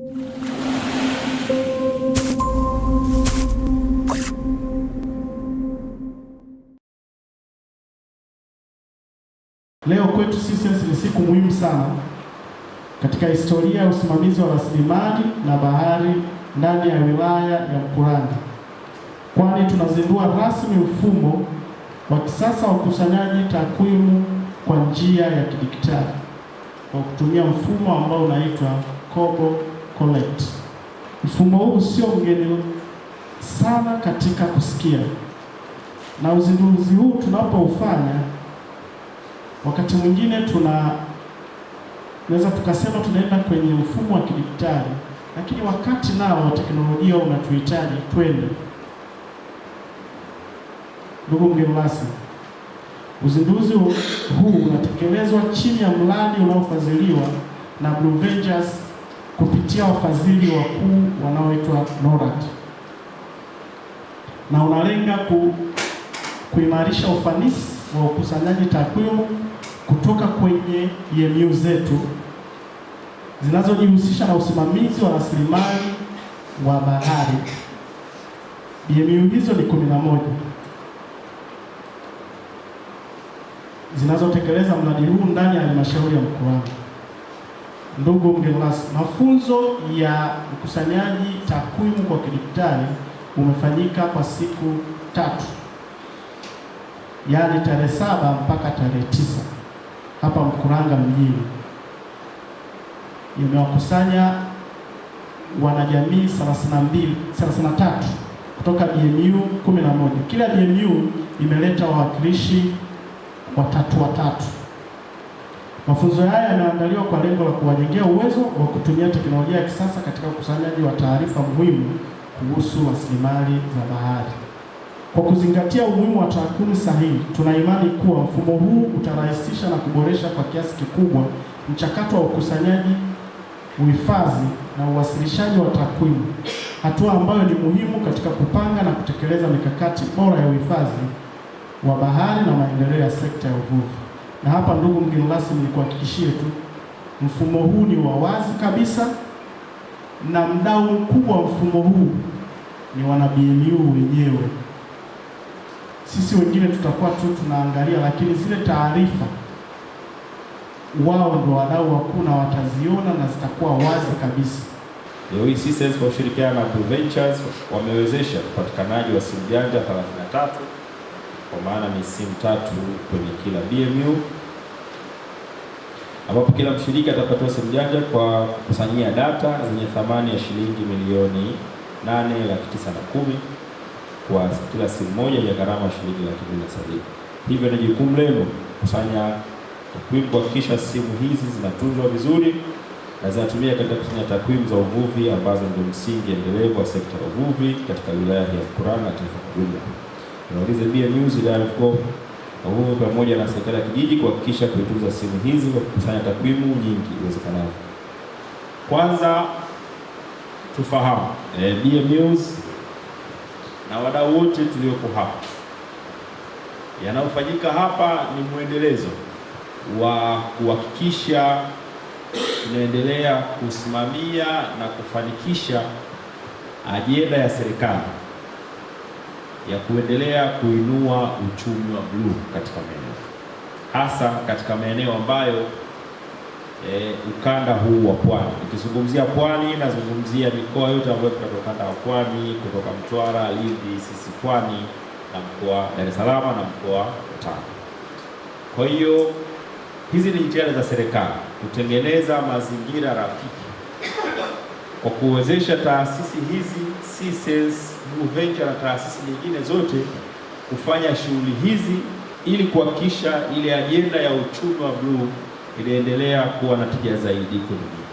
Leo kwetu sisi ni siku muhimu sana katika historia ya usimamizi wa rasilimali na bahari ndani ya wilaya ya Mkuranga, kwani tunazindua rasmi mfumo wa kisasa wa ukusanyaji takwimu kwa njia ya kidijitali kwa kutumia mfumo ambao unaitwa Kobo collect. Mfumo huu sio mgeni sana katika kusikia, na uzinduzi huu tunapoufanya, wakati mwingine tuna naweza tukasema tunaenda kwenye mfumo wa kidijitali, lakini wakati nao teknolojia unatuhitaji twende. Ndugu mgeni rasmi, uzinduzi huu unatekelezwa chini ya mradi unaofadhiliwa na Blue Ventures kupitia wafadhili wakuu wanaoitwa NORAD na unalenga ku, kuimarisha ufanisi wa ukusanyaji takwimu kutoka kwenye EMU zetu zinazojihusisha na usimamizi wa rasilimali wa bahari. EMU hizo ni 11 zinazotekeleza mradi huu ndani ya halmashauri ya mkoani Ndugu mgeni rasmi, mafunzo ya ukusanyaji takwimu kwa kidijitali umefanyika kwa siku tatu, yaani tarehe saba mpaka tarehe tisa hapa Mkuranga mjini. Yamewakusanya wanajamii 32 33 kutoka BMU 11. Kila BMU imeleta wawakilishi watatu watatu Mafunzo haya yanaandaliwa kwa lengo la kuwajengea uwezo wa kutumia teknolojia ya kisasa katika ukusanyaji wa taarifa muhimu kuhusu rasilimali za bahari. Kwa kuzingatia umuhimu wa takwimu sahihi, tuna imani kuwa mfumo huu utarahisisha na kuboresha kwa kiasi kikubwa mchakato wa ukusanyaji, uhifadhi na uwasilishaji wa takwimu, hatua ambayo ni muhimu katika kupanga na kutekeleza mikakati bora ya uhifadhi wa bahari na maendeleo ya sekta ya uvuvi. Na hapa, ndugu mgeni rasmi, nikuhakikishie tu mfumo huu ni wa wazi kabisa, na mdau mkubwa wa mfumo huu ni wana BMU wenyewe. Sisi wengine tutakuwa tu tunaangalia, lakini zile taarifa wao ndo wadau wakuu na wataziona na zitakuwa wazi kabisa. Leo hii sisi kwa ushirikiano na Blue Ventures wamewezesha upatikanaji wa simu janja 33 kwa maana ni simu tatu kwenye kila BMU, ambapo kila mshiriki atapatiwa simu janja kwa kukusanyia data zenye thamani ya shilingi milioni nane laki tisa na kumi kwa kila simu moja ya gharama ya shilingi laki mbili na sabini. Hivyo ni jukumu lenu kusanya takwimu, kuhakikisha simu hizi zinatunzwa vizuri na zinatumia katika kusanya takwimu za uvuvi ambazo ndio msingi endelevu wa sekta ya uvuvi katika wilaya ya Mkuranga na taifa kwa ujumla. Tunauliza pia News Dialogue huo pamoja na serikali ya kijiji kuhakikisha kuitunza simu hizi kwa kukusanya takwimu nyingi iwezekanavyo. Kwanza tufahamu e, eh, DMUs na wadau wote tulioko hapa, yanayofanyika hapa ni mwendelezo wa kuhakikisha tunaendelea kusimamia na kufanikisha ajenda ya serikali ya kuendelea kuinua uchumi wa bluu katika maeneo hasa katika maeneo ambayo e, ukanda huu wa pwani. Nikizungumzia pwani, nazungumzia mikoa yote ambayo kutoka ukanda wa pwani, kutoka Mtwara, Lindi, sisi pwani na mkoa Dar es Salaam na mkoa Tanga. Kwa hiyo hizi ni jitihada za serikali kutengeneza mazingira rafiki kwa kuwezesha taasisi hizi CSS Google Venture na taasisi nyingine zote kufanya shughuli hizi ili kuhakikisha ile ajenda ya uchumi wa bluu inaendelea kuwa na tija zaidi kwa dunia.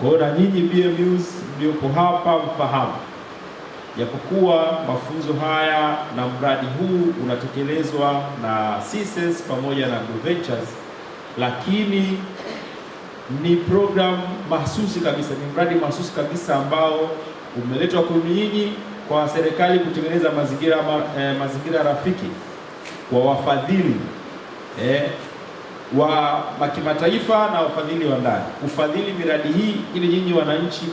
Kwa hiyo na nyinyi BMUs mliopo hapa mfahamu, japokuwa mafunzo haya na mradi huu unatekelezwa na CSS e pamoja na Blue Ventures, lakini ni program mahsusi kabisa, ni mradi mahsusi kabisa ambao umeletwa nyinyi kwa serikali kutengeneza mazingira eh, mazingira rafiki kwa wafadhili eh, wa makimataifa na wafadhili wa ndani ufadhili miradi hii ili nyinyi wananchi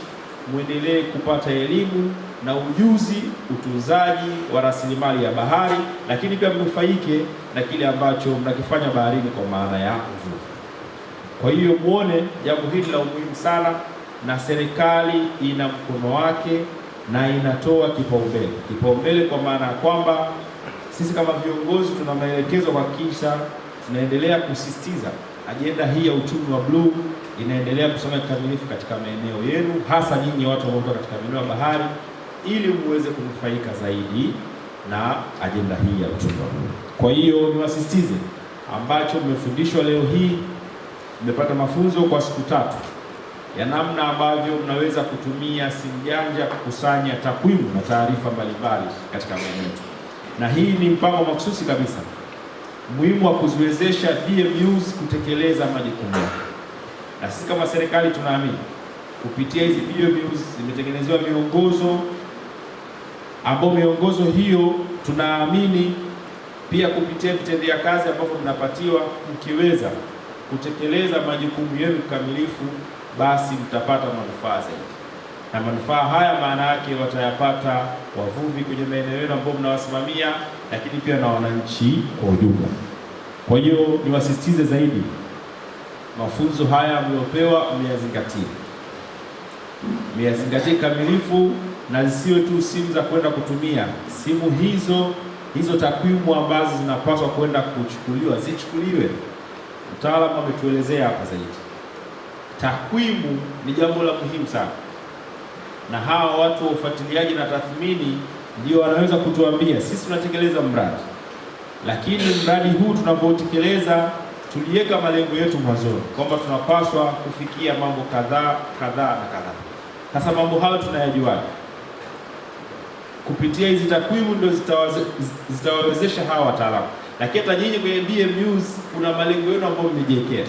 mwendelee kupata elimu na ujuzi, utunzaji wa rasilimali ya bahari, lakini pia mnufaike na kile ambacho mnakifanya baharini kwa maana ya uvuvi. Kwa hiyo muone jambo hili la umuhimu sana na serikali ina mkono wake na inatoa kipaumbele. Kipaumbele kwa maana ya kwamba sisi kama viongozi tuna maelekezo kuhakikisha tunaendelea kusisitiza ajenda hii ya uchumi wa bluu inaendelea kusoma kikamilifu katika maeneo yenu, hasa nyinyi watu wanaotoka katika maeneo ya bahari, ili muweze kunufaika zaidi na ajenda hii ya uchumi wa bluu. Kwa hiyo niwasisitize ambacho mmefundishwa leo hii, mmepata mafunzo kwa siku tatu ya namna ambavyo mnaweza kutumia simu janja kukusanya takwimu na taarifa mbalimbali katika maeneo na hii ni mpango mahususi kabisa muhimu wa kuziwezesha DMUs kutekeleza majukumu yake, na sisi kama serikali tunaamini kupitia hizi DMUs zimetengenezewa miongozo ambayo miongozo hiyo tunaamini pia kupitia vitendea kazi ambavyo mnapatiwa, mkiweza kutekeleza majukumu yenu kikamilifu basi mtapata manufaa zaidi, na manufaa haya maana yake watayapata wavuvi kwenye maeneo yenu ambao mnawasimamia, lakini pia na wananchi kwa ujumla. Kwa hiyo niwasisitize zaidi, mafunzo haya mliopewa mliyazingatie, mliyazingatie kikamilifu, na zisiwe tu simu za kwenda kutumia simu hizo hizo takwimu ambazo zinapaswa kwenda kuchukuliwa zichukuliwe. Mtaalamu ametuelezea hapa zaidi takwimu ni jambo la muhimu sana, na hawa watu wa ufuatiliaji na tathmini ndio wanaweza kutuambia sisi tunatekeleza mradi, lakini mradi huu tunapotekeleza tuliweka malengo yetu mwanzoni kwamba tunapaswa kufikia mambo kadhaa kadhaa na kadhaa. Sasa mambo hayo tunayajua Kupitia hizi takwimu ndio zitawawezesha hawa wataalamu, lakini hata nyinyi kwenye DMUs kuna malengo yenu ambayo mmejiwekea.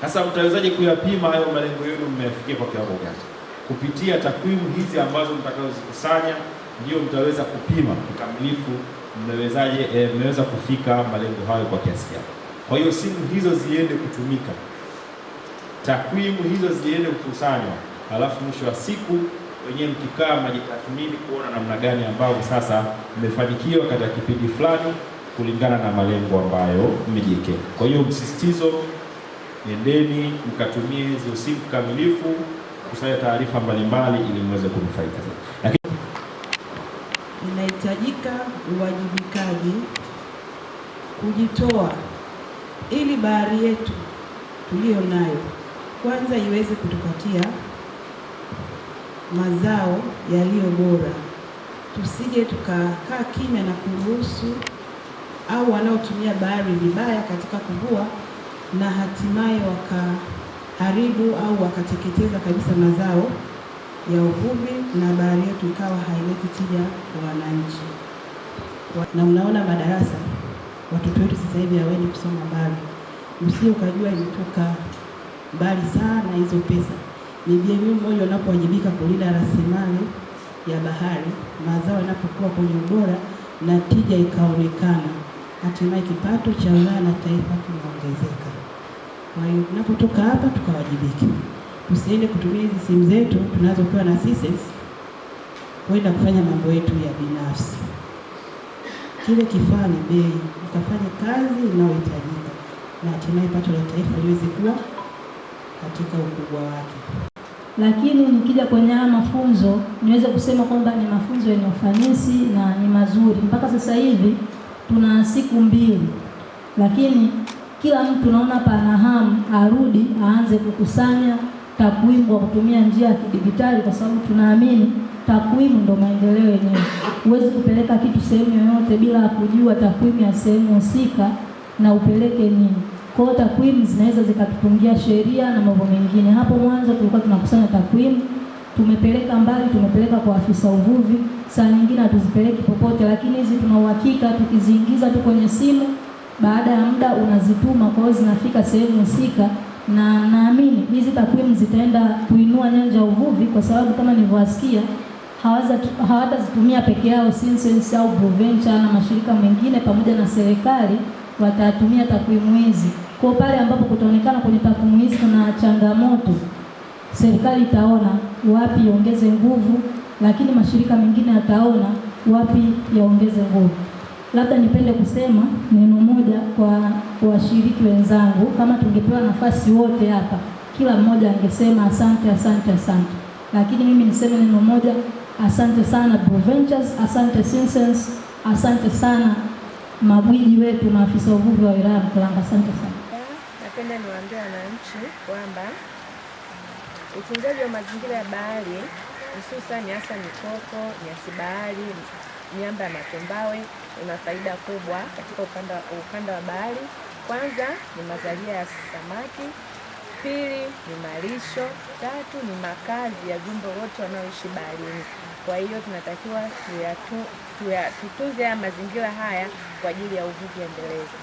Sasa mtawezaje kuyapima hayo malengo yenu mmeyafikia kwa kiwango gani? Kupitia takwimu hizi ambazo mtakazozikusanya ndio mtaweza kupima kikamilifu mmewezaje, e, mmeweza kufika malengo hayo kwa kiasi gani. Kwa hiyo simu hizo ziende kutumika, takwimu hizo ziende kukusanywa, halafu mwisho wa siku wenyewe mkikaa majitathmini kuona namna gani ambavyo sasa mmefanikiwa katika kipindi fulani kulingana na malengo ambayo mmejiwekea. Kwa hiyo msisitizo nendeni mkatumie hizo simu kamilifu kusanya taarifa mbalimbali ili mweze kunufaika Lakini inahitajika uwajibikaji, kujitoa ili bahari yetu tuliyo nayo kwanza iweze kutupatia mazao yaliyo bora. Tusije tukakaa kimya na kuruhusu au wanaotumia bahari vibaya katika kuvua na hatimaye wakaharibu au wakateketeza kabisa mazao ya uvuvi na bahari yetu ikawa haileti tija kwa wananchi. Na unaona madarasa, watoto wetu sasa hivi hawaendi kusoma mbali, usio ukajua imetoka mbali sana hizo pesa. Ni BMU mmoja unapowajibika kulinda rasilimali ya bahari, mazao yanapokuwa kwenye ubora na tija ikaonekana, hatimaye kipato cha wilaya na taifa kinaongezeka. Kwa hiyo tunapotoka hapa tukawajibike, tusiende kutumia hizi simu zetu tunazopewa na CCS kwenda kufanya mambo yetu ya binafsi. Kile kifaa ni bei, ukafanye kazi inayohitajika na hatimaye pato la taifa liweze kuwa katika ukubwa wake. Lakini nikija kwenye haya mafunzo niweze kusema kwamba ni mafunzo yenye ufanisi na ni mazuri. Mpaka sasa hivi tuna siku mbili, lakini kila mtu naona pana hamu arudi aanze kukusanya takwimu kwa kutumia njia ya kidijitali, kwa sababu tunaamini takwimu ndo maendeleo yenyewe. Huwezi kupeleka kitu sehemu yoyote bila kujua takwimu ya sehemu husika na upeleke nini. Kwa hiyo takwimu zinaweza zikatutungia sheria na mambo mengine. Hapo mwanzo tulikuwa tunakusanya takwimu, tumepeleka mbali, tumepeleka kwa afisa uvuvi, saa nyingine hatuzipeleki popote, lakini hizi tuna uhakika tukiziingiza tu kwenye simu baada ya muda unazituma, kwa hiyo zinafika sehemu husika, na naamini hizi takwimu zitaenda kuinua nyanja ya uvuvi, kwa sababu kama nilivyowasikia hawatazitumia peke yao Sinsense au Proventure na mashirika mengine pamoja na serikali, watatumia takwimu hizi. Kwa pale ambapo kutaonekana kwenye takwimu hizi kuna changamoto, serikali itaona wapi iongeze nguvu, lakini mashirika mengine yataona wapi yaongeze nguvu labda nipende kusema neno moja kwa washiriki wenzangu. Kama tungepewa nafasi wote hapa, kila mmoja angesema asante, asante, asante, lakini mimi niseme neno moja. Asante sana Proventures, asante Sinsens, asante sana magwiji wetu, maafisa uvuvi wa wilaya Mkuranga, asante sana. Napenda niwaambie wananchi kwamba utunzaji wa mazingira ya bahari hususan hasa mikoko, nyasi bahari, miamba ya matumbawe una faida kubwa katika ukanda, ukanda wa bahari. Kwanza ni mazalia ya samaki, pili ni malisho, tatu ni makazi ya viumbe wote wanaoishi baharini. Kwa hiyo tunatakiwa tutunze haya mazingira haya kwa ajili ya uvuvi endelevu.